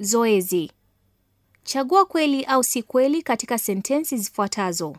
Zoezi: chagua kweli au si kweli katika sentensi zifuatazo.